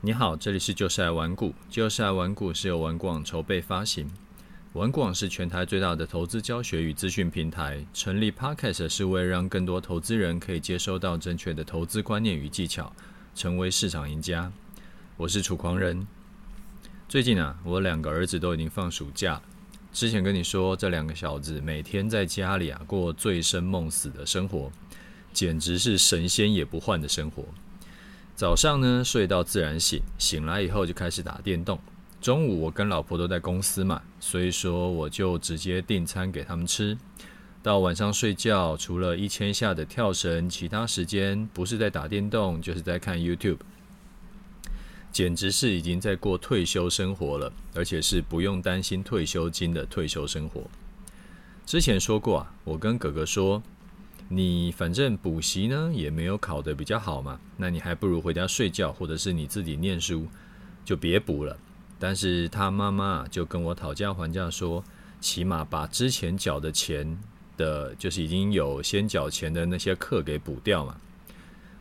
你好，這裡是就是愛玩股。就是愛玩股是由玩股網籌備發行，玩股網是全台最大的投資教學與資訊平台。成立 Podcast 是為了讓更多投資人可以接收到正確的投資觀念與技巧，成為市場贏家。我是楚狂人。最近啊，我兩個兒子都已經放暑假。之前跟你說，這兩個小子每天在家裡啊過醉生夢死的生活，簡直是神仙也不換的生活。早上呢，睡到自然醒，醒來以後就開始打電動。中午我跟老婆都在公司嘛，所以說我就直接訂餐給他們吃。到晚上睡覺，除了一千下的跳繩，其他時間不是在打電動，就是在看 YouTube。簡直是已經在過退休生活了，而且是不用擔心退休金的退休生活。之前說過啊，我跟哥哥說。你反正補習呢也沒有考得比較好嘛，那你還不如回家睡覺或者是你自己念書，就別補了。但是他媽媽就跟我討價還價說，起碼把之前繳的錢的，就是已經有先繳錢的那些課給補掉嘛，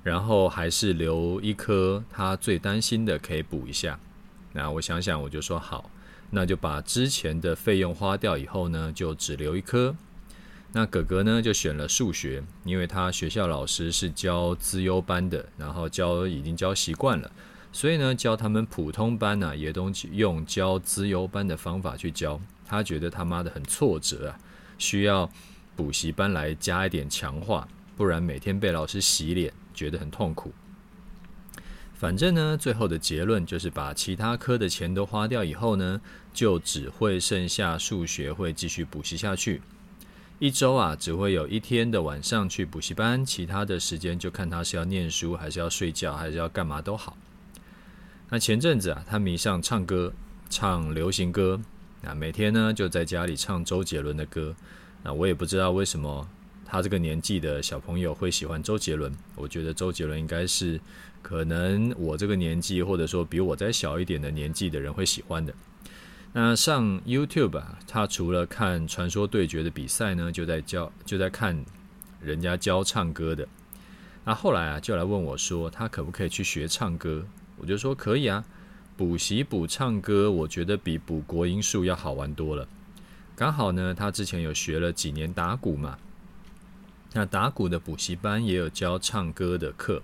然後還是留一科他最擔心的可以補一下。那我想想我就說好，那就把之前的費用花掉以後呢，就只留一科。那哥哥呢，就選了數學，因為他學校老師是教資優班的，然後教已經教習慣了，所以呢教他們普通班呢、啊、也都用教資優班的方法去教。他覺得他媽的很挫折啊，需要補習班來加一點強化，不然每天被老師洗臉覺得很痛苦。反正呢，最後的結論就是把其他科的錢都花掉以後呢，就只會剩下數學會繼續補習下去。一周啊，只會有一天的晚上去補習班，其他的時間就看他是要唸書，還是要睡覺，還是要幹嘛都好。那前陣子啊，他迷上唱歌，唱流行歌，那每天呢就在家裡唱周杰倫的歌。那我也不知道為什麼他這個年紀的小朋友會喜歡周杰倫。我覺得周杰倫應該是可能我這個年紀，或者說比我再小一點的年紀的人會喜歡的。那上 YouTube 啊，他除了看傳說對決的比賽呢，就在教就在看人家教唱歌的。那後來啊，就來問我說，他可不可以去學唱歌？我就說可以啊，補習補唱歌，我覺得比補國英數要好玩多了。剛好呢，他之前有學了幾年打鼓嘛，那打鼓的補習班也有教唱歌的課，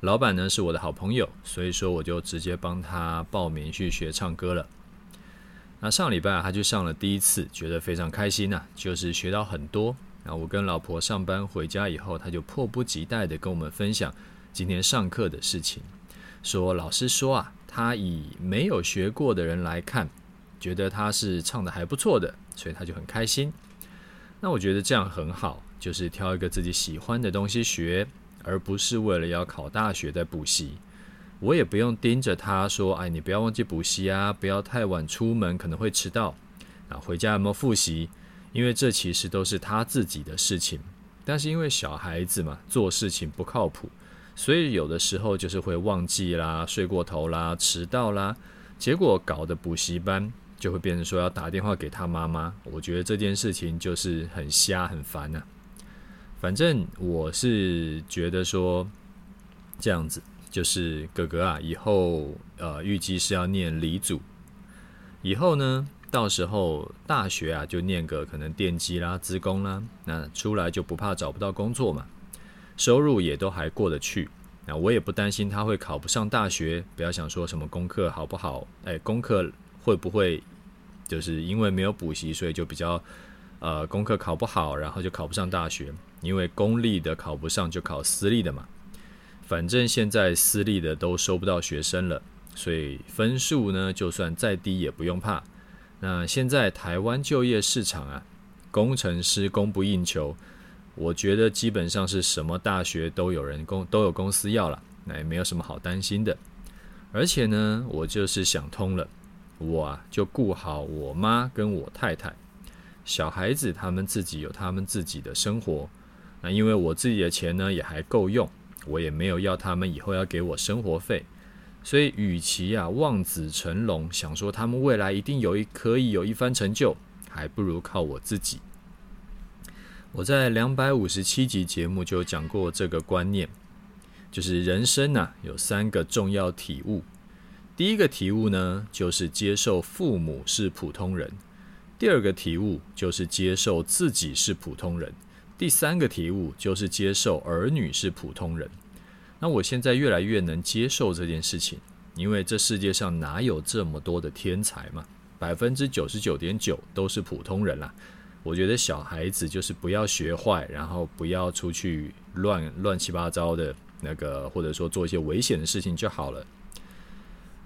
老闆呢是我的好朋友，所以說我就直接幫他報名去學唱歌了。那上禮拜啊，他就上了第一次，覺得非常開心吶，啊，就是學到很多。那我跟老婆上班回家以後，他就迫不及待地跟我們分享今天上課的事情，說老師說啊，他以沒有學過的人來看，覺得他是唱得還不錯的，所以他就很開心。那我覺得這樣很好，就是挑一個自己喜歡的東西學，而不是為了要考大學在補習。我也不用盯着他說：“哎，你不要忘記補習啊，不要太晚出門，可能會遲到。啊，回家有沒有複習？因為這其實都是他自己的事情。但是因為小孩子嘛，做事情不靠譜，所以有的時候就是會忘記啦、睡過頭啦、遲到啦，結果搞得補習班就會變成說要打電話給他媽媽。我覺得這件事情就是很瞎、很煩啊。反正我是覺得說這樣子。”就是哥哥啊，以後呃預計是要念理組，以後呢，到時候大學啊就念個可能電機啦、資工啦，那出來就不怕找不到工作嘛，收入也都還過得去。那我也不擔心他會考不上大學，不要想說什麼功課好不好，哎，功課會不會就是因為沒有補習，所以就比較呃功課考不好，然後就考不上大學？因為公立的考不上就考私立的嘛。反正現在私立的都收不到學生了，所以分數呢就算再低也不用怕。那現在台灣就業市場啊，工程師供不應求，我覺得基本上是什麼大學都有人工都有公司要了，那也沒有什麼好擔心的。而且呢，我就是想通了，我啊就顧好我媽跟我太太，小孩子他們自己有他們自己的生活。那因為我自己的錢呢也還夠用。我也沒有要他們以後要給我生活費，所以與其啊望子成龍，想說他們未來一定有一可以有一番成就，還不如靠我自己。我在兩百五十七集節目就講過這個觀念，就是人生呢、啊、有三個重要體悟，第一個體悟呢就是接受父母是普通人，第二個體悟就是接受自己是普通人。第三個題目就是接受兒女是普通人。那我現在越來越能接受這件事情，因為這世界上哪有這麼多的天才嘛？百分之九十九點九都是普通人啦。我覺得小孩子就是不要學壞，然後不要出去亂亂七八糟的那個，或者說做一些危險的事情就好了。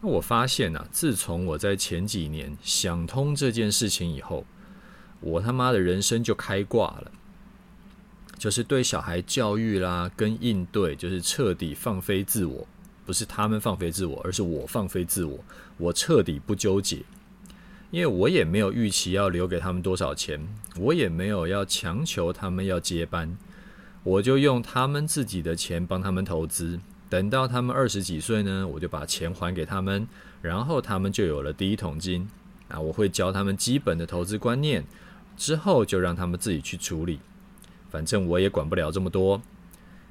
那我發現吶、啊，自從我在前幾年想通這件事情以後，我他媽的人生就開掛了。就是對小孩教育啦，跟應對，就是徹底放飛自我，不是他們放飛自我，而是我放飛自我，我徹底不糾結，因為我也沒有預期要留給他們多少錢，我也沒有要強求他們要接班，我就用他們自己的錢幫他們投資，等到他們二十幾歲呢，我就把錢還給他們，然後他們就有了第一桶金啊，我會教他們基本的投資觀念，之後就讓他們自己去處理。反正我也管不了這麼多，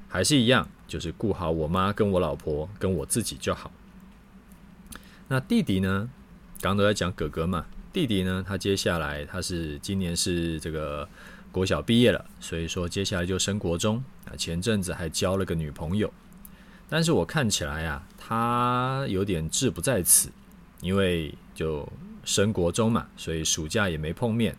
還是一樣，就是顧好我媽跟我老婆跟我自己就好。那弟弟呢？剛都在講哥哥嘛，弟弟呢？他接下來他是今年是這個國小畢業了，所以說接下來就升國中啊。前陣子還交了個女朋友，但是我看起來啊，他有點志不在此，因為就升國中嘛，所以暑假也沒碰面。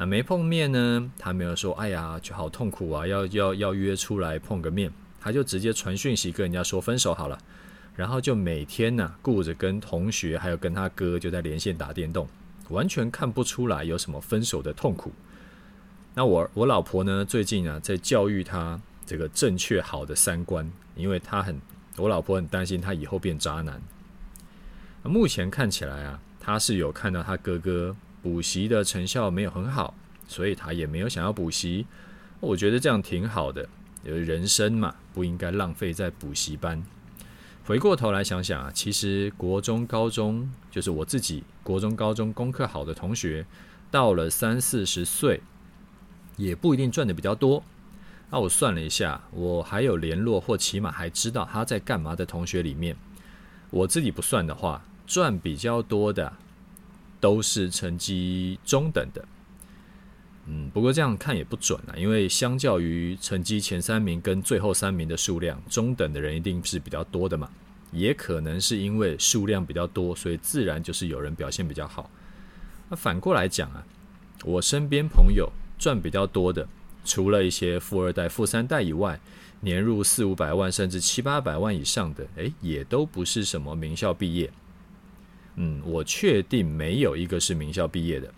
啊，沒碰面呢，他沒有說，哎呀，就好痛苦啊，要要要約出來碰個面，他就直接傳訊息跟人家說分手好了，然後就每天呢、啊、顧着跟同學還有跟他哥就在連線打電動，完全看不出來有什麼分手的痛苦。那我我老婆呢，最近啊在教育他這個正確好的三觀，因為他很我老婆很擔心他以後變渣男。目前看起來啊，他是有看到他哥哥。補習的成效沒有很好，所以他也沒有想要補習。我覺得這樣挺好的，人生嘛，不應該浪費在補習班。回過頭來想想啊，其實國中、高中就是我自己，國中、高中功課好的同學，到了三四十歲，也不一定賺得比較多。那啊，我算了一下，我還有聯絡或起碼還知道他在幹嘛的同學裡面，我自己不算的話，賺比較多的啊。都是成績中等的，嗯，不過這樣看也不準啊，因為相較於成績前三名跟最後三名的數量，中等的人一定是比較多的嘛，也可能是因為數量比較多，所以自然就是有人表現比較好。那、啊、反過來講啊，我身邊朋友賺比較多的，除了一些富二代、富三代以外，年入四五百萬甚至七八百萬以上的，誒，也都不是什麼名校畢業。嗯，我確定沒有一個是名校畢業的，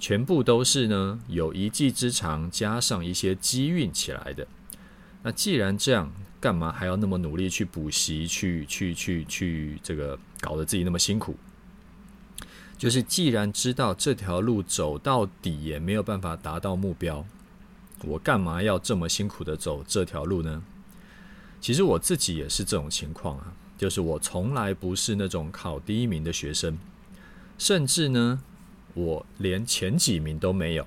全部都是呢，有一技之長加上一些機運起來的。那既然這樣，幹嘛還要那麼努力去補習，去去去去這個搞得自己那麼辛苦？就是既然知道這條路走到底也沒有辦法達到目標，我幹嘛要這麼辛苦的走這條路呢？其實我自己也是這種情況啊。就是我從來不是那種考第一名的學生，甚至呢，我連前幾名都沒有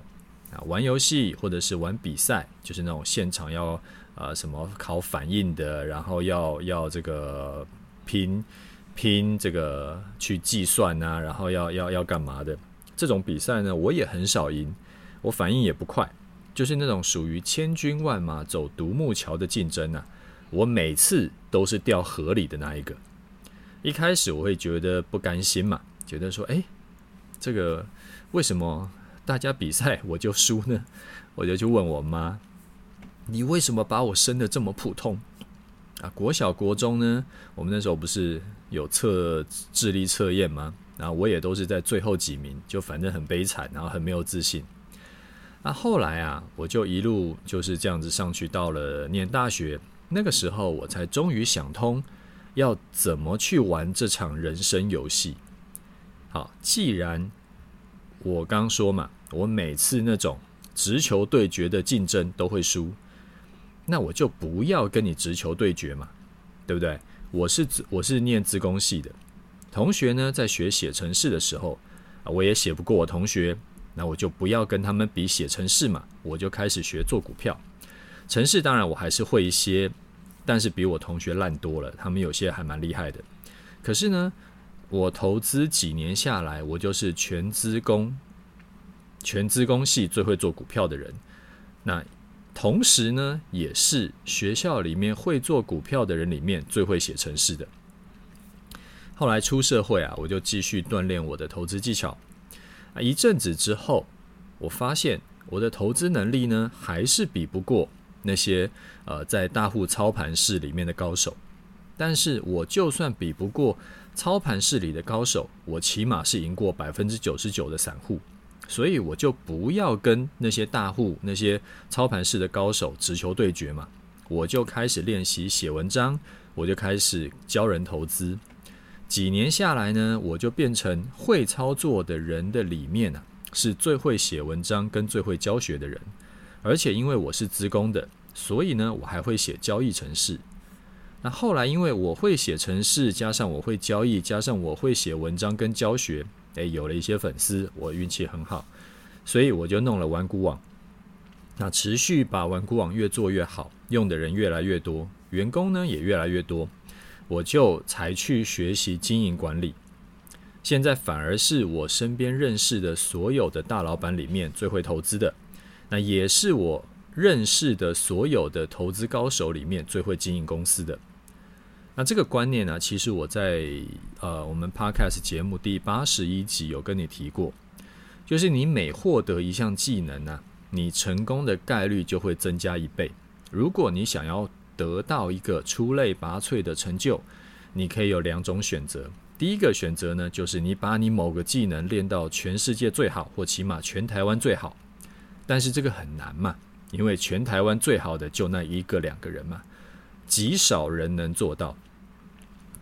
啊。玩遊戲或者是玩比賽，就是那種現場要啊、呃、什麼考反應的，然後要要這個拼拼這個去計算吶、啊，然後要要要幹嘛的這種比賽呢，我也很少贏，我反應也不快，就是那種屬於千軍萬馬走獨木橋的競爭吶、啊。我每次都是掉河裡的那一個。一開始我會覺得不甘心嘛，覺得說：“哎，這個為什麼大家比賽我就輸呢？”我就去問我媽：“你為什麼把我生的這麼普通？”啊，國小、國中呢，我們那時候不是有測智力測驗嗎？然後我也都是在最後幾名，就反正很悲慘，然後很沒有自信。那、啊、後來啊，我就一路就是這樣子上去，到了念大學。那個時候我才終於想通，要怎麼去玩這場人生遊戲。好，既然我剛說嘛，我每次那種直球對決的競爭都會輸，那我就不要跟你直球對決嘛，對不對？我是我是念資工系的，同學呢，在學寫程式的時候，我也寫不過我同學，那我就不要跟他們比寫程式嘛，我就開始學做股票。程式當然我還是會一些，但是比我同學爛多了。他們有些還蠻厲害的，可是呢，我投資幾年下來，我就是全資工、全資工系最會做股票的人。那同時呢，也是學校裡面會做股票的人裡面最會寫程式的。後來出社會啊，我就繼續鍛鍊我的投資技巧。啊，一陣子之後，我發現我的投資能力呢，還是比不過。那些呃，在大戶操盤室裡面的高手，但是我就算比不過操盤室裡的高手，我起碼是贏過百分之九十九的散戶，所以我就不要跟那些大戶、那些操盤室的高手直球對決嘛，我就開始練習寫文章，我就開始教人投資。幾年下來呢，我就變成會操作的人的裡面啊，是最會寫文章跟最會教學的人。而且因為我是資工的，所以呢，我還會寫交易程式。那後來因為我會寫程式，加上我會交易，加上我會寫文章跟教學，誒，有了一些粉絲，我運氣很好，所以我就弄了玩股網。那持續把玩股網越做越好，用的人越來越多，員工呢也越來越多，我就才去學習經營管理。現在反而是我身邊認識的所有的大老闆裡面最會投資的。那也是我認識的所有的投資高手裡面最會經營公司的。那這個觀念呢、啊，其實我在呃我們 Podcast 節目第八十一集有跟你提過，就是你每獲得一項技能呢、啊，你成功的概率，就會增加一倍。如果你想要得到一個出類拔萃的成就，你可以有兩種選擇。第一個選擇呢，就是你把你某個技能練到全世界最好，或起碼全台灣最好。但是這個很難嘛，因為全台灣最好的就那一個兩個人嘛，極少人能做到。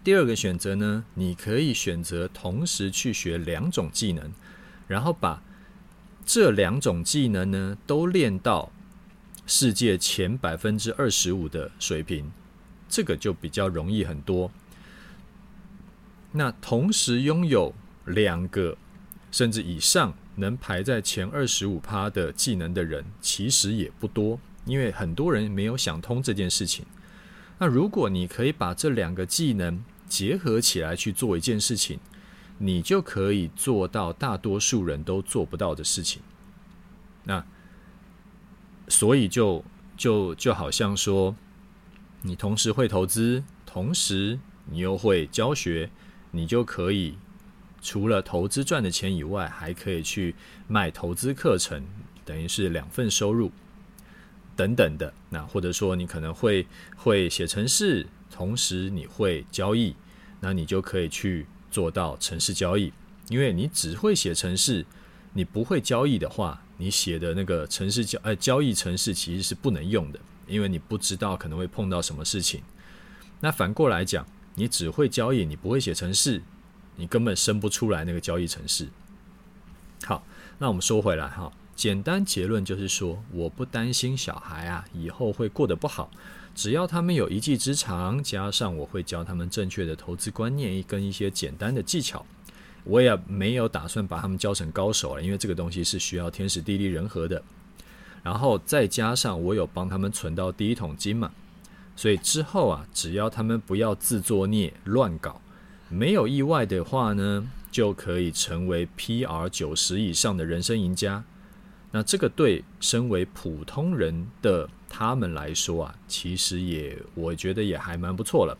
第二個選擇呢，你可以選擇同時去學兩種技能，然後把這兩種技能呢都練到世界前百分之二十五的水平，這個就比較容易很多。那同時擁有兩個甚至以上。能排在前二十五趴的技能的人其實也不多，因為很多人沒有想通這件事情。那如果你可以把這兩個技能結合起來去做一件事情，你就可以做到大多數人都做不到的事情。那所以就就就好像說，你同時會投資，同時你又會教學，你就可以。除了投資賺的錢以外，還可以去賣投資課程，等於是兩份收入等等的。那或者說你可能會會寫程式，同時你會交易，那你就可以去做到程式交易。因為你只會寫程式，你不會交易的話，你寫的那個程式交呃交易程式其實是不能用的，因為你不知道可能會碰到什麼事情。那反過來講，你只會交易，你不會寫程式。你根本生不出來那個交易程式。好，那我們說回來哈，簡單結論就是說，我不擔心小孩啊以後會過得不好，只要他們有一技之長，加上我會教他們正確的投資觀念，跟一些簡單的技巧。我也沒有打算把他們教成高手了，因為這個東西是需要天時地利人和的。然後再加上我有幫他們存到第一桶金嘛，所以之後啊，只要他們不要自作孽亂搞。沒有意外的話呢，就可以成為 PR 九十以上的人生贏家。那這個對身為普通人的他們來說啊，其實也我覺得也還蠻不錯了，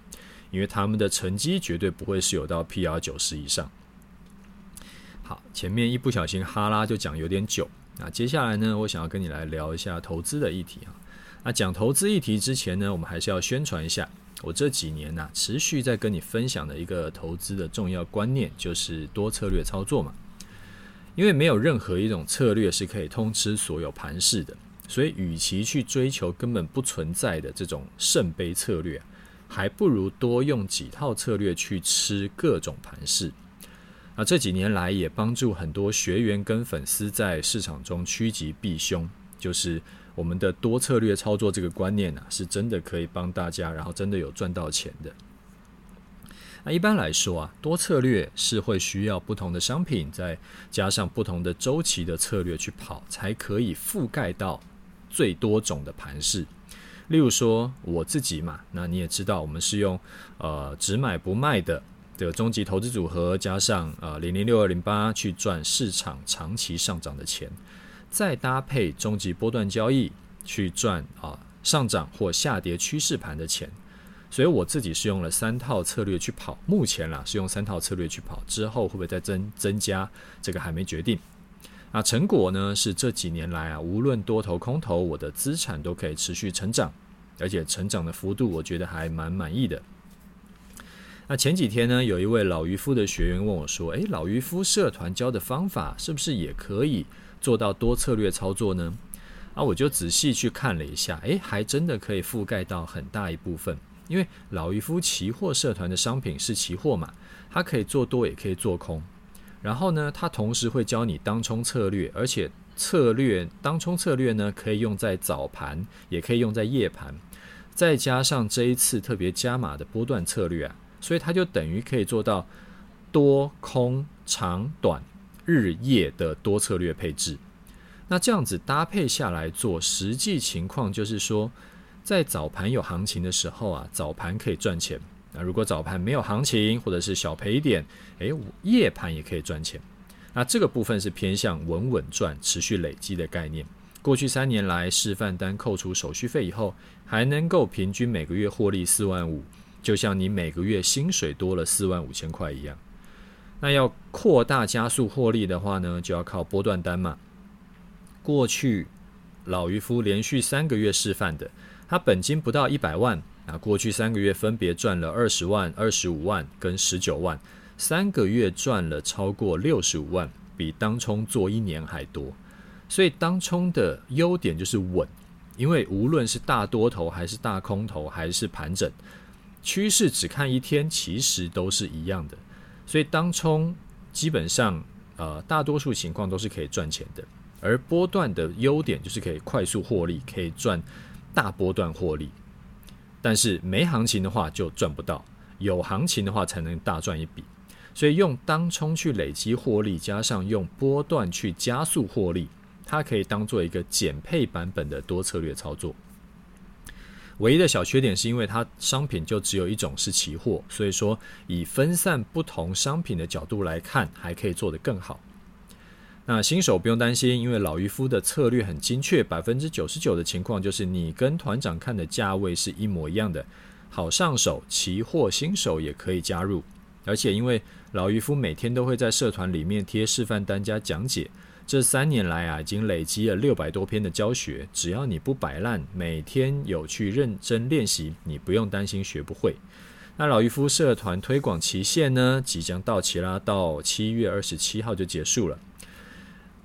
因為他們的成績絕對不會是有到 PR 九十以上。好，前面一不小心哈拉就講有點久，那接下來呢，我想要跟你來聊一下投資的議題啊。那講投資議題之前呢，我們還是要宣傳一下。我這幾年呢、啊，持續在跟你分享的一個投資的重要觀念，就是多策略操作嘛。因為沒有任何一種策略是可以通吃所有盤勢的，所以與其去追求根本不存在的這種聖杯策略，還不如多用幾套策略去吃各種盤勢啊，這幾年來也幫助很多學員跟粉絲在市場中趨吉避凶，就是。我們的多策略操作這個觀念呢、啊，是真的可以幫大家，然後真的有賺到錢的。那一般來說啊，多策略是會需要不同的商品，再加上不同的周期的策略去跑，才可以覆蓋到最多種的盤勢。例如說我自己嘛，那你也知道，我們是用呃只買不賣的的、這個、終極投資組合，加上呃零零六二零八去賺市場長期上漲的錢。再搭配終極波段交易去賺啊上漲或下跌趨勢盤的錢，所以我自己是用了三套策略去跑。目前啦是用三套策略去跑，之後會不會再增增加？這個還沒決定。啊。那成果呢？是這幾年來啊，無論多頭空頭，我的資產都可以持續成長，而且成長的幅度我覺得還蠻滿意的。那前幾天呢，有一位老漁夫的學員問我說：“誒，老漁夫社團教的方法是不是也可以？”做到多策略操作呢？啊，我就仔細去看了一下，誒，還真的可以覆蓋到很大一部分。因為老漁夫期貨社團的商品是期貨嘛，它可以做多也可以做空。然後呢，它同時會教你當沖策略，而且策略當沖策略呢，可以用在早盤，也可以用在夜盤。再加上這一次特別加碼的波段策略啊，所以它就等於可以做到多空長短。日夜的多策略配置，那這樣子搭配下來做，實際情況就是說，在早盤有行情的時候啊，早盤可以賺錢；那如果早盤沒有行情或者是小賠點，哎、欸，夜盤也可以賺錢。那這個部分是偏向穩穩賺、持續累積的概念。過去三年來示範單扣除手續費以後，還能夠平均每個月獲利四萬五，就像你每個月薪水多了四萬五千塊一樣。那要擴大加速獲利的話呢，就要靠波段單嘛。過去老漁夫連續三個月示範的，他本金不到一百萬啊，過去三個月分別賺了二十萬、二十五萬跟十九萬，三個月賺了超過六十五萬，比當沖做一年還多。所以當沖的優點就是穩，因為無論是大多頭還是大空頭還是盤整趨勢，只看一天其實都是一樣的。所以當沖基本上，呃，大多數情況都是可以賺錢的。而波段的優點就是可以快速獲利，可以賺大波段獲利。但是沒行情的話就賺不到，有行情的話才能大賺一筆。所以用當沖去累積獲利，加上用波段去加速獲利，它可以當做一個簡配版本的多策略操作。唯一的小缺點是因為它商品就只有一種是期貨，所以說以分散不同商品的角度來看，還可以做得更好。那新手不用擔心，因為老漁夫的策略很精確，百分之九十九的情況就是你跟團長看的價位是一模一樣的，好上手，期貨新手也可以加入。而且因為老漁夫每天都會在社團裡面貼示範單加講解。這三年來啊，已經累積了六百多篇的教學。只要你不擺爛，每天有去認真練習，你不用擔心學不會。那老漁夫社團推廣期限呢，即將到期啦，到七月二十七號就結束了。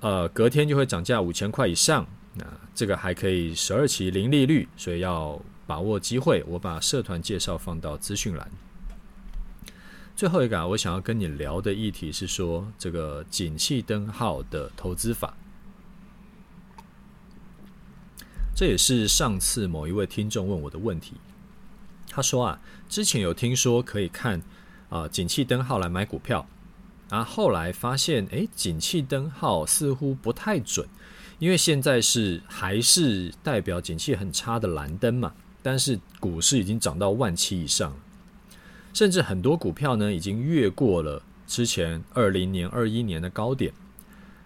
呃，隔天就會漲價五千塊以上。那這個還可以十二期零利率，所以要把握機會。我把社團介紹放到資訊欄。最後一個，我想要跟你聊的議題是說，這個景氣燈號的投資法。這也是上次某一位聽眾問我的問題。他說啊，之前有聽說可以看啊、呃、景氣燈號來買股票，啊後來發現，哎、欸，景氣燈號似乎不太準，因為現在是還是代表景氣很差的藍燈嘛，但是股市已經漲到萬七以上。甚至很多股票呢，已經越過了之前二零年、二一年的高點。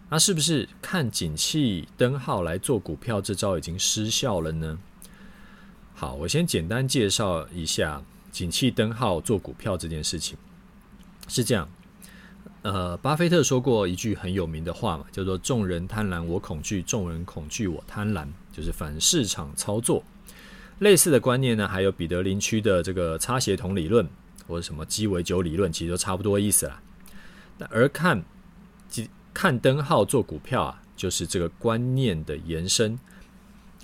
那、啊、是不是看景氣燈號來做股票這招已經失效了呢？好，我先簡單介紹一下景氣燈號做股票這件事情。是這樣，呃，巴菲特說過一句很有名的話嘛，叫做“眾人貪婪，我恐懼；眾人恐懼，我貪婪”，就是反市場操作。類似的觀念呢，還有彼得林區的這個“擦鞋童理論”。或者什麼雞尾酒理論，其實都差不多意思啦。那而看幾，看燈號做股票啊，就是這個觀念的延伸。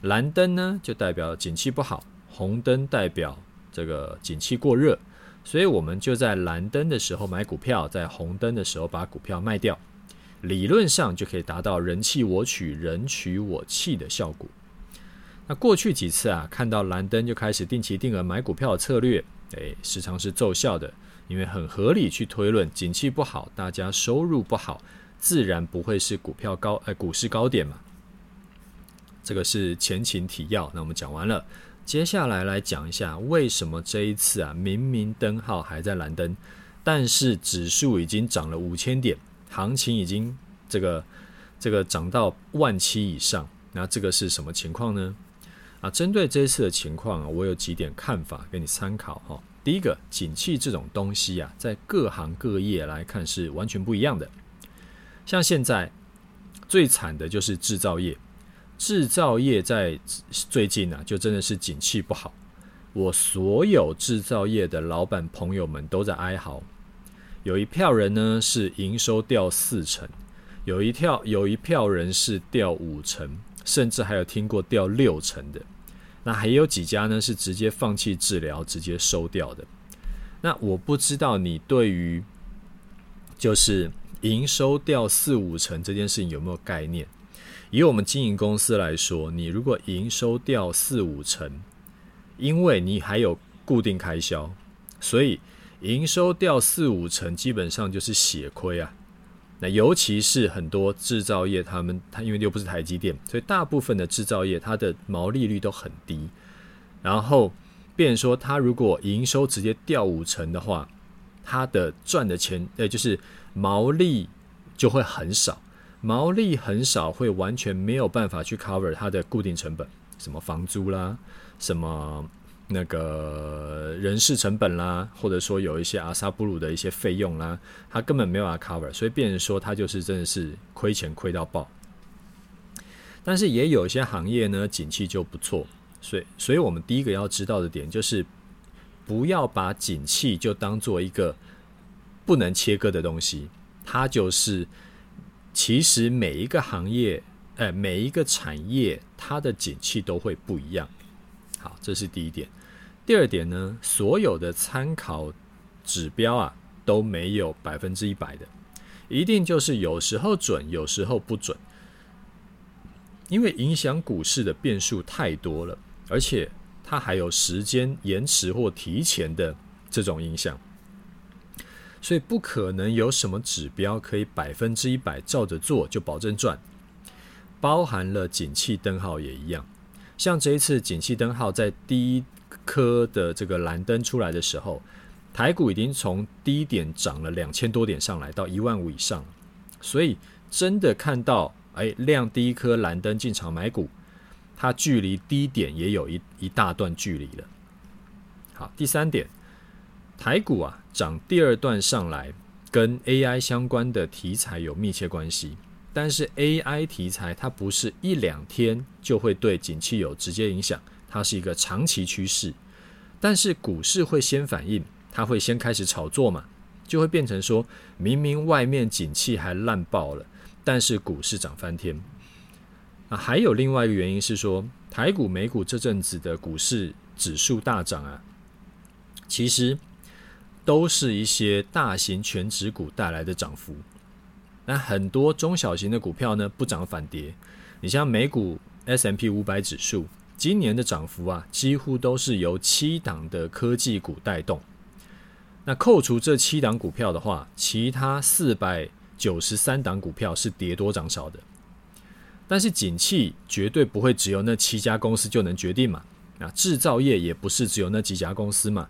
藍燈呢，就代表景氣不好；紅燈代表這個景氣過熱。所以，我們就在藍燈的時候買股票，在紅燈的時候把股票賣掉。理論上就可以達到人棄我取，人取我棄的效果。那過去幾次啊，看到藍燈就開始定期定額買股票的策略。哎，時常是奏效的，因為很合理去推論，景氣不好，大家收入不好，自然不會是股票高，哎，股市高點嘛。這個是前情提要，那我們講完了，接下來來講一下為什麼這一次啊，明明燈號還在藍燈，但是指數已經漲了五千點，行情已經這個這個漲到萬七以上，那這個是什麼情況呢？啊，針對這次的情況啊，我有幾點看法給你參考哈、哦。第一個，景氣這種東西啊，在各行各業來看是完全不一樣的。像現在最慘的就是製造業，製造業在最近呢、啊，就真的是景氣不好。我所有製造業的老闆朋友們都在哀嚎，有一票人呢是營收掉四成，有一票有一票人是掉五成，甚至還有聽過掉六成的。那還有幾家呢？是直接放棄治療，直接收掉的。那我不知道你對於就是營收掉四五成這件事情有沒有概念？以我們經營公司來說，你如果營收掉四五成，因為你還有固定開銷，所以營收掉四五成基本上就是血虧啊。那尤其是很多製造業，他們他因為又不是台積電，所以大部分的製造業，它的毛利率都很低。然後，變說他如果營收直接掉五成的話，他的賺的錢，哎，就是毛利就會很少，毛利很少會完全沒有辦法去 cover 他的固定成本，什麼房租啦，什麼。那個人事成本啦，或者說有一些阿薩布魯的一些費用啦，他根本沒有啊 cover，所以變成說他就是真的是虧錢虧到爆。但是也有一些行業呢，景氣就不錯，所以，所以我們第一個要知道的點就是，不要把景氣就當做一個不能切割的東西，它就是其實每一個行業，哎、呃，每一個產業，它的景氣都會不一樣。好，這是第一點。第二點呢，所有的參考指標啊都沒有百分之一百的，一定就是有時候準，有時候不準，因為影響股市的變數太多了，而且它還有時間延遲或提前的這種影響，所以不可能有什麼指標可以百分之一百照着做就保證賺，包含了景氣燈號也一樣，像這一次景氣燈號在第一顆的這個藍燈出來的時候，台股已經從低點漲了兩千多點上來到一萬五以上，所以真的看到誒、哎，亮第一顆藍燈進場買股，它距離低點也有一一大段距離了。好，第三點，台股啊漲第二段上來，跟 AI 相關的題材有密切關係，但是 AI 題材它不是一兩天就會對景氣有直接影響。它是一個長期趨勢，但是股市會先反應，它會先開始炒作嘛，就會變成說，明明外面景氣還爛爆了，但是股市漲翻天。啊，還有另外一個原因是說，台股、美股這陣子的股市指數大漲啊，其實都是一些大型權值股帶來的漲幅，那很多中小型的股票呢不漲反跌，你像美股 S&P 500指數。今年的漲幅啊，幾乎都是由七檔的科技股帶動。那扣除這七檔股票的話，其他四百九十三檔股票是跌多漲少的。但是，景氣絕對不會只有那七家公司就能決定嘛。啊，製造業也不是只有那幾家公司嘛。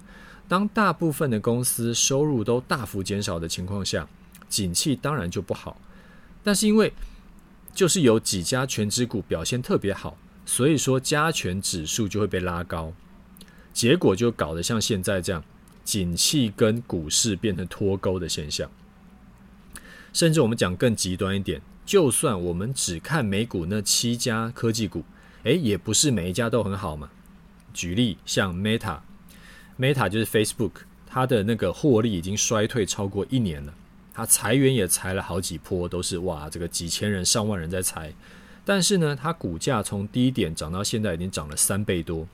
當大部分的公司收入都大幅減少的情況下，景氣當然就不好。但是，因為就是有幾家權值股表現特別好。所以說，加權指數就會被拉高，結果就搞得像現在這樣，景氣跟股市變成脫鈎的現象。甚至我們講更極端一點，就算我們只看美股那七家科技股，誒，也不是每一家都很好嘛。舉例像 Meta，Meta Meta 就是 Facebook，它的那個獲利已經衰退超過一年了，它裁員也裁了好幾波，都是哇，這個幾千人、上萬人在裁。但是呢，它股價從低點漲到現在，已經漲了三倍多，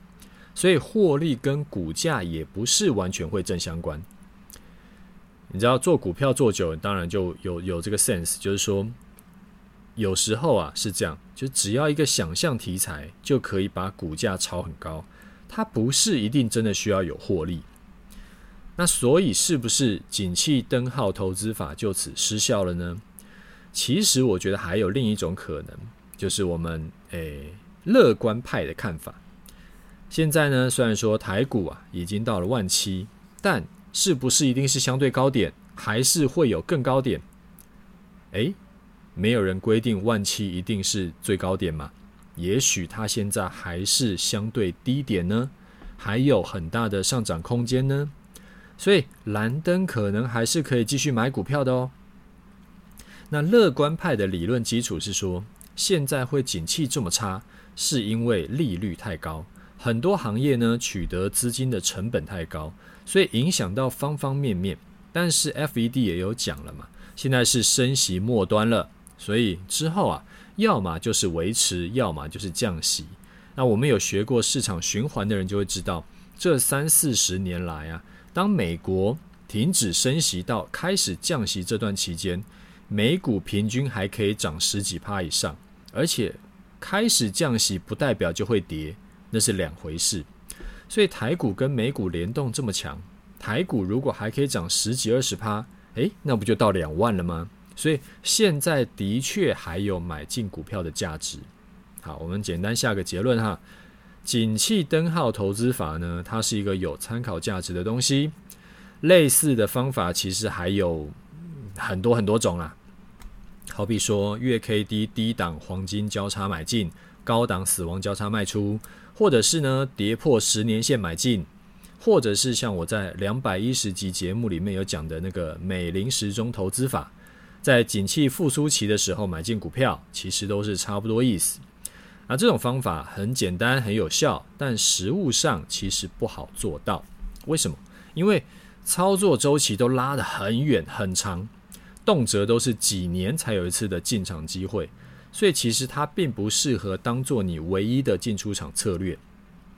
所以獲利跟股價也不是完全會正相關。你知道，做股票做久了，當然就有有這個 sense，就是說，有時候啊是這樣，就只要一個想象題材就可以把股價炒很高，它不是一定真的需要有獲利。那所以，是不是景氣燈號投資法就此失效了呢？其實，我覺得還有另一種可能。就是我們誒、欸、樂觀派的看法。現在呢，雖然說台股啊已經到了萬七，但是不是一定是相對高點？還是會有更高點？誒、欸，沒有人規定萬七一定是最高點嘛。也許它現在還是相對低點呢，還有很大的上漲空間呢。所以藍燈可能還是可以繼續買股票的哦。那樂觀派的理論基礎是說，現在會景氣這麼差，是因為利率太高，很多行業呢，取得資金的成本太高，所以影響到方方面面。但是 FED 也有講了嘛，現在是升息末端了，所以之後啊，要麼就是維持，要麼就是降息。那我們有學過市場循環的人就會知道，這三四十年來啊，當美國停止升息到開始降息這段期間，美股平均還可以漲十幾趴以上。而且開始降息不代表就會跌，那是兩回事。所以台股跟美股聯動這麼強，台股如果還可以漲十幾二十趴，誒、欸，那不就到兩萬了嗎？所以現在的確還有買進股票的價值。好，我們簡單下個結論哈。景氣燈號投資法呢，它是一個有參考價值的東西。類似的方法其實還有很多很多種啦、啊。好比說，月 KD 低檔黃金交叉買進，高檔死亡交叉賣出，或者是呢，跌破十年線買進，或者是像我在兩百一十集節目裡面有講的那個美林時鐘投資法，在景氣復甦期的時候買進股票，其實都是差不多意思。那、啊、這種方法很簡單，很有效，但實務上其實不好做到。為什麼？因為操作周期都拉得很遠很長。動輒都是幾年才有一次的進場機會，所以其實它並不適合當做你唯一的進出場策略。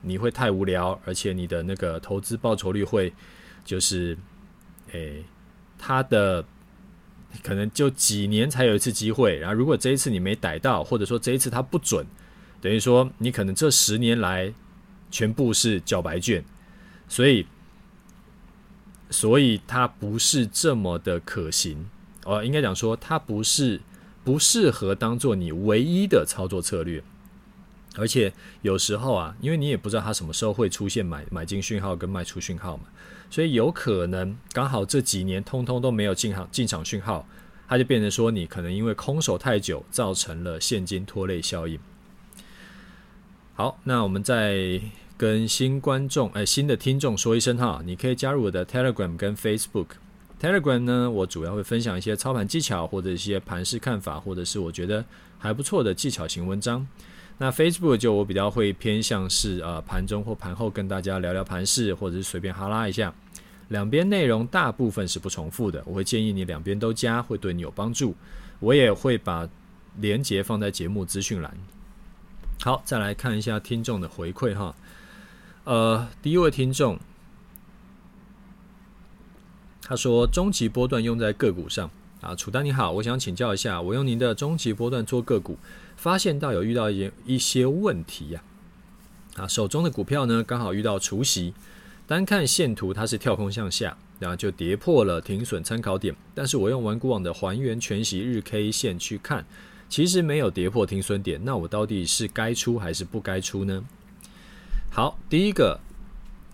你會太無聊，而且你的那個投資報酬率會就是，誒，它的可能就幾年才有一次機會。然後如果這一次你沒逮到，或者說這一次它不準，等於說你可能這十年來全部是繳白卷。所以，所以它不是這麼的可行。哦，應該講說它不是不適合當做你唯一的操作策略，而且有時候啊，因為你也不知道它什麼時候會出現買買進訊號跟賣出訊號嘛，所以有可能剛好這幾年通通都沒有進場進場訊號，它就變成說你可能因為空手太久，造成了現金拖累效應。好，那我們再跟新觀眾、欸、新的聽眾說一聲哈，你可以加入我的 Telegram 跟 Facebook。Telegram 呢，我主要會分享一些操盤技巧或者一些盤勢看法，或者是我覺得還不錯的技巧型文章。那 Facebook 就我比較會偏向是呃盤中或盤後跟大家聊聊盤勢，或者是隨便哈拉一下。兩邊內容大部分是不重複的，我會建議你兩邊都加，會對你有幫助。我也會把連結放在節目資訊欄。好，再來看一下聽眾的回饋哈。呃，第一位聽眾。他說：“終極波段用在個股上啊，楚狂你好，我想請教一下，我用您的終極波段做個股，發現到有遇到一些一些問題呀、啊。啊，手中的股票呢，剛好遇到除息，單看線圖它是跳空向下，然後就跌破了停損參考點，但是我用玩股網的還原權息日 K 線去看，其實沒有跌破停損點，那我到底是該出還是不該出呢？好，第一個。”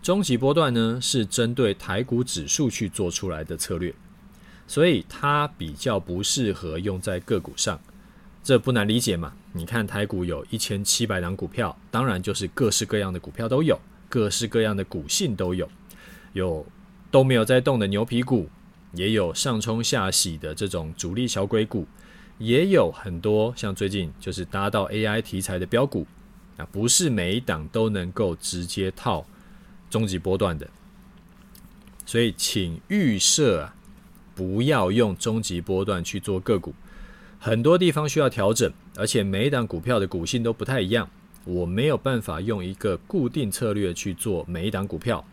終極波段呢，是針對台股指數去做出來的策略，所以它比較不適合用在個股上。這不難理解嘛？你看台股有一千七百檔股票，當然就是各式各樣的股票都有，各式各樣的股性都有。有都沒有在動的牛皮股，也有上衝下洗的這種主力小鬼股，也有很多像最近就是搭到 AI 題材的標股。啊，不是每一檔都能夠直接套。終極波段的，所以請預設啊，不要用終極波段去做個股，很多地方需要調整，而且每一檔股票的股性都不太一樣，我沒有辦法用一個固定策略去做每一檔股票，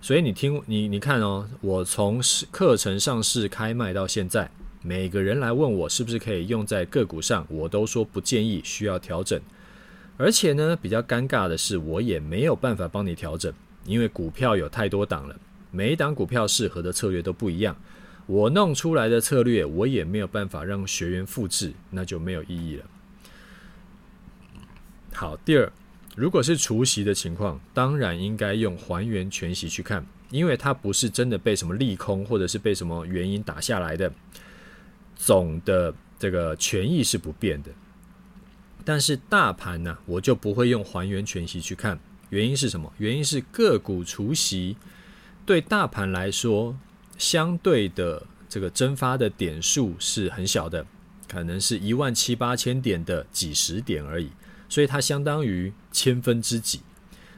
所以你聽你你看哦，我從課程上市開賣到現在，每個人來問我是不是可以用在個股上，我都說不建議，需要調整，而且呢，比較尷尬的是，我也沒有辦法幫你調整。因為股票有太多檔了，每一檔股票適合的策略都不一樣。我弄出來的策略，我也沒有辦法讓學員複製，那就沒有意義了。好，第二，如果是除息的情況，當然應該用還原權息去看，因為它不是真的被什麼利空或者是被什麼原因打下來的，總的這個權益是不變的。但是大盤呢、啊，我就不會用還原權息去看。原因是什麼？原因是個股除息對大盤來說，相對的這個蒸發的點數是很小的，可能是一萬七八千點的幾十點而已，所以它相當於千分之幾，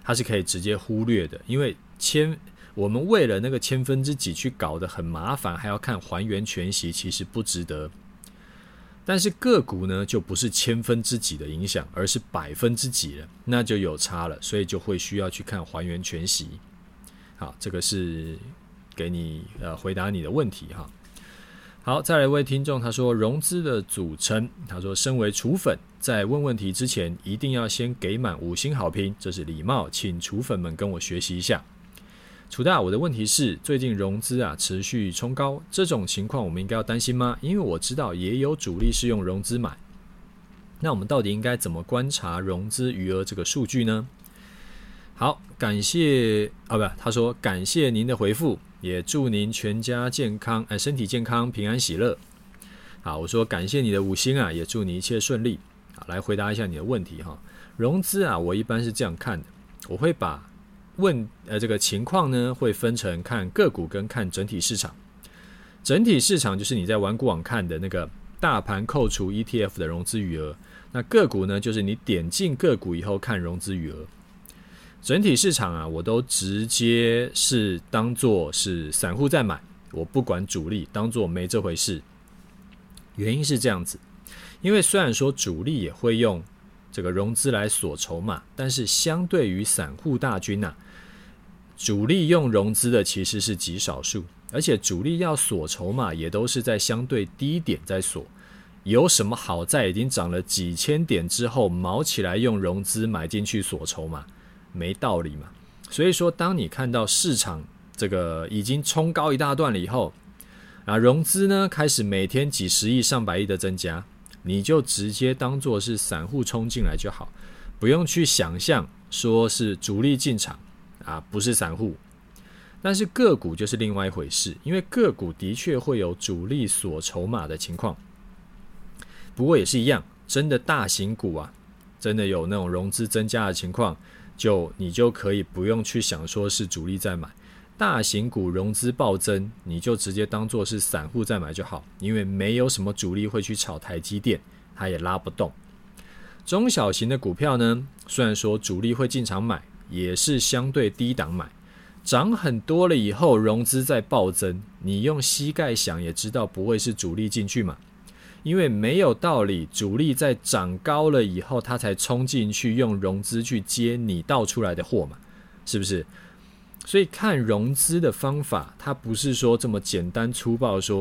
它是可以直接忽略的。因為千，我們為了那個千分之幾去搞得很麻煩，還要看還原權息，其實不值得。但是個股呢，就不是千分之幾的影響，而是百分之幾了，那就有差了，所以就會需要去看還原權息。好，這個是給你呃回答你的問題哈。好，再來一位聽眾，他說融資的組成，他說身為楚粉，在問問題之前一定要先給滿五星好評，這是禮貌，請楚粉們跟我學習一下。楚大，我的問題是：最近融資啊持續沖高，這種情況我們應該要擔心嗎？因為我知道也有主力是用融資買。那我們到底應該怎麼觀察融資餘額這個數據呢？好，感謝啊，哦，不，他說感謝您的回復，也祝您全家健康，呃，身體健康，平安喜樂。好，我說感謝你的五星啊，也祝你一切順利。啊，來回答一下你的問題哈。哦，融資啊，我一般是這樣看的，我會把。問呃，這個情況呢，會分成看個股跟看整體市場。整體市場就是你在玩股網看的那個大盤扣除 ETF 的融資餘額。那個股呢，就是你點進個股以後看融資餘額。整體市場啊，我都直接是當做是散戶在買，我不管主力，當做沒這回事。原因是這樣子，因為雖然說主力也會用這個融資來鎖籌碼，但是相對於散戶大軍吶、啊。主力用融資的其實是極少數，而且主力要鎖籌碼也都是在相對低點在鎖，有什麼好在已經漲了幾千點之後卯起來用融資買進去鎖籌碼？沒道理嘛。所以說，當你看到市場這個已經衝高一大段了以後，啊，融資呢，開始每天幾十億上百億的增加，你就直接當做是散戶衝進來就好，不用去想象說是主力進場。啊，不是散戶，但是個股就是另外一回事，因為個股的確會有主力鎖籌碼的情況。不過也是一樣，真的大型股啊，真的有那種融資增加的情況，就你就可以不用去想說是主力在買。大型股融資暴增，你就直接當做是散戶在買就好，因為沒有什麼主力會去炒台積電，它也拉不動。中小型的股票呢，雖然說主力會進場買。也是相對低檔買，漲很多了以後，融資在暴增。你用膝蓋想也知道不會是主力進去嘛，因為沒有道理，主力在漲高了以後，他才衝進去用融資去接你倒出來的貨嘛，是不是？所以看融資的方法，它不是說這麼簡單粗暴說，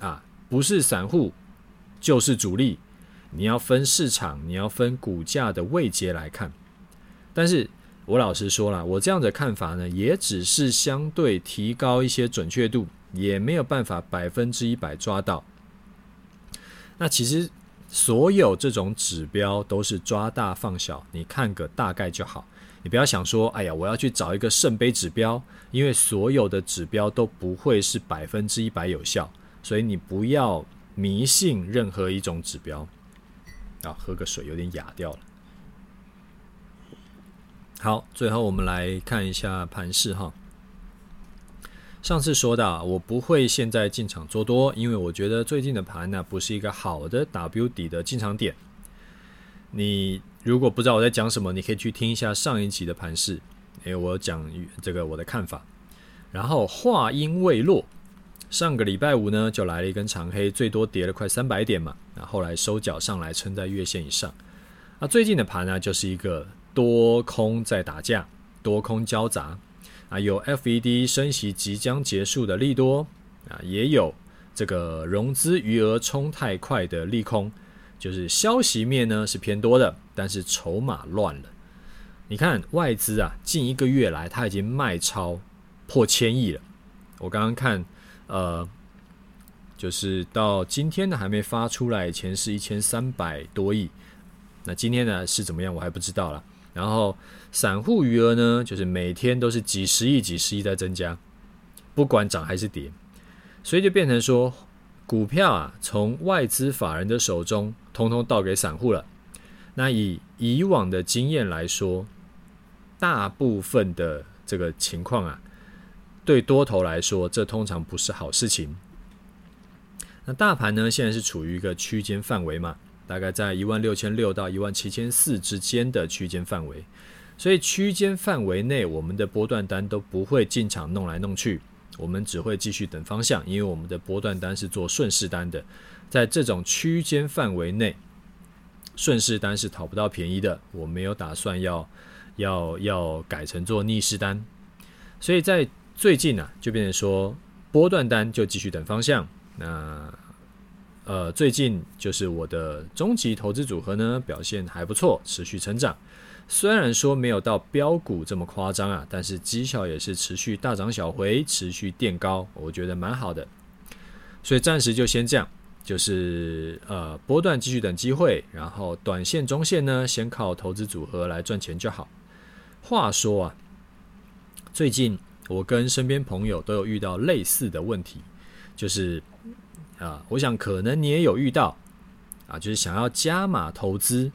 說啊，不是散戶就是主力，你要分市場，你要分股價的位階來看，但是，我老實說了，我這樣的看法呢，也只是相對提高一些準確度，也沒有辦法百分之一百抓到。那其實所有這種指標都是抓大放小，你看個大概就好，你不要想說，哎呀，我要去找一個聖杯指標，因為所有的指標都不會是百分之一百有效，所以你不要迷信任何一種指標。啊，喝個水，有點啞掉了。好，最後我們來看一下盤勢哈。上次說的啊，我不會現在進場做多，因為我覺得最近的盤呢、啊、不是一個好的 W 底的進場點。你如果不知道我在講什麼，你可以去聽一下上一集的盤勢，因、欸、為我講這個我的看法。然後話音未落，上個禮拜五呢就來了一根長黑，最多跌了快三百點嘛。那後來收腳上來，撐在月線以上。那最近的盤呢、啊，就是一個。多空在打架，多空交雜，啊，有 FED 升息即將結束的利多，啊，也有這個融資餘額衝太快的利空，就是消息面呢是偏多的，但是籌碼亂了。你看外資啊，近一個月來它已經賣超破千億了。我剛剛看，呃，就是到今天呢還沒發出來，以前是一千三百多億，那今天呢是怎麼樣？我還不知道了。然後，散戶餘額呢，就是每天都是幾十億、幾十億在增加，不管漲還是跌，所以就變成說，股票啊，從外資法人的手中，通通倒給散戶了。那以以往的經驗來說，大部分的這個情況啊，對多頭來說，這通常不是好事情。那大盤呢，現在是處於一個區間範圍嘛。大概在一萬六千六到一萬七千四之間的區間範圍，所以區間範圍內，我們的波段單都不會進場弄來弄去，我們只會繼續等方向，因為我們的波段單是做順勢單的，在這種區間範圍內，順勢單是討不到便宜的，我沒有打算要要要改成做逆勢單，所以在最近呢、啊，就變成說波段單就繼續等方向，那。呃，最近就是我的終極投資組合呢，表現還不錯，持續成長。雖然說沒有到飆股這麼誇張啊，但是績效也是持續大漲小回，持續墊高，我覺得蠻好的。所以暫時就先這樣，就是呃，波段繼續等機會，然後短線、中線呢，先靠投資組合來賺錢就好。話說啊，最近我跟身邊朋友都有遇到類似的問題，就是。啊、呃，我想可能你也有遇到，啊，就是想要加碼投資，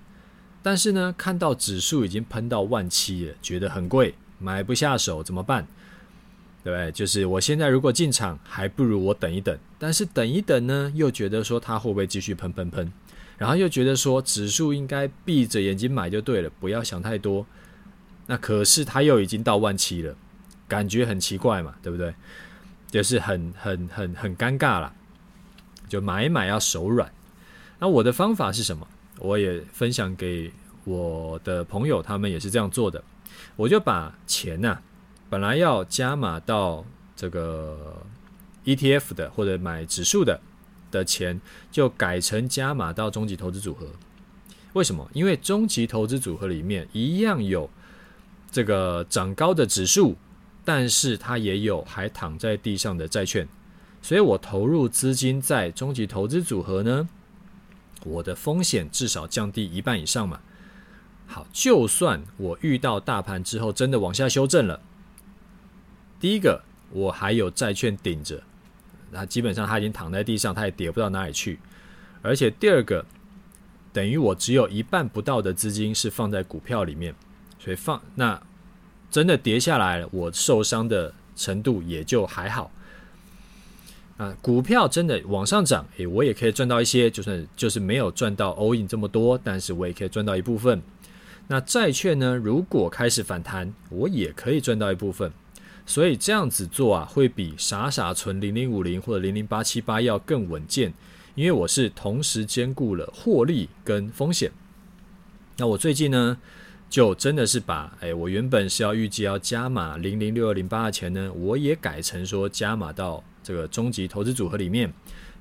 但是呢，看到指數已經噴到萬七了，覺得很貴，買不下手，怎麼辦？對不對？就是我現在如果進場，還不如我等一等。但是等一等呢，又覺得說它會不會繼續噴噴噴噴，然後又覺得說指數應該閉着眼睛買就對了，不要想太多。那可是它又已經到萬七了，感覺很奇怪嘛，對不對？就是很很很很尷尬啦。就買買要手軟，那我的方法是什麼？我也分享給我的朋友，他們也是這樣做的。我就把錢呐、啊,本來要加碼到這個 ETF 的或者買指數的的錢，就改成加碼到終極投資組合。為什麼？因為終極投資組合裡面一樣有這個漲高的指數，但是它也有還躺在地上的債券。所以我投入資金在終極投資組合呢，我的風險至少降低一半以上嘛。好，就算我遇到大盤之後真的往下修正了，第一個我還有債券頂着，那基本上它已經躺在地上，它也跌不到哪裡去。而且第二個，等於我只有一半不到的資金是放在股票裡面，所以放那真的跌下來了，我受傷的程度也就還好。啊，股票真的往上漲，誒，我也可以賺到一些，就算就是沒有賺到 all in 這麼多，但是我也可以賺到一部分。那債券呢？如果開始反彈，我也可以賺到一部分。所以這樣子做啊，會比傻傻存零零五零或者零零八七八要更穩健，因為我是同時兼顧了獲利跟風險。那我最近呢，就真的是把，誒，我原本是要預計要加碼零零六二零八的錢呢，我也改成說加碼到。這個終極投資組合裡面，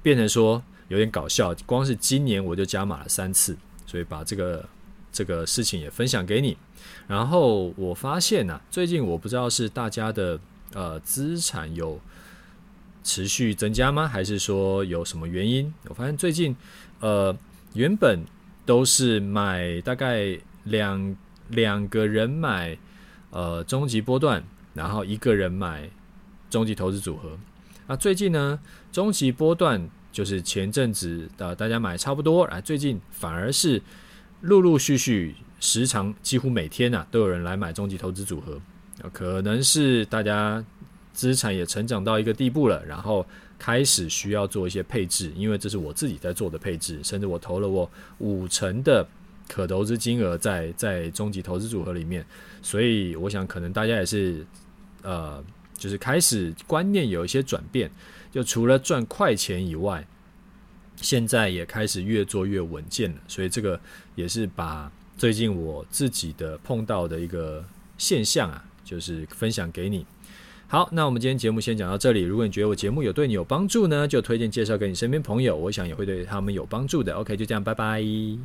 變成說有點搞笑，光是今年我就加碼了三次，所以把這個這個事情也分享給你。然後我發現呢、啊，最近我不知道是大家的呃資產有持續增加嗎，還是說有什麼原因？我發現最近呃原本都是買大概兩兩個人買呃終極波段，然後一個人買終極投資組合。那最近呢，終極波段就是前陣子的大家買差不多，最近反而是陸陸續續時常幾乎每天吶、啊、都有人來買終極投資組合，可能是大家資產也成長到一個地步了，然後開始需要做一些配置，因為這是我自己在做的配置，甚至我投了我五成的可投資金額在在終極投資組合裡面，所以我想可能大家也是呃。就是開始觀念有一些轉變，就除了賺快錢以外，現在也開始越做越穩健了。所以這個也是把最近我自己的碰到的一個現象啊，就是分享給你。好，那我們今天節目先講到這裡。如果你覺得我節目有對你有幫助呢，就推薦介紹給你身邊朋友，我想也會對他們有幫助的。OK，就這樣，拜拜。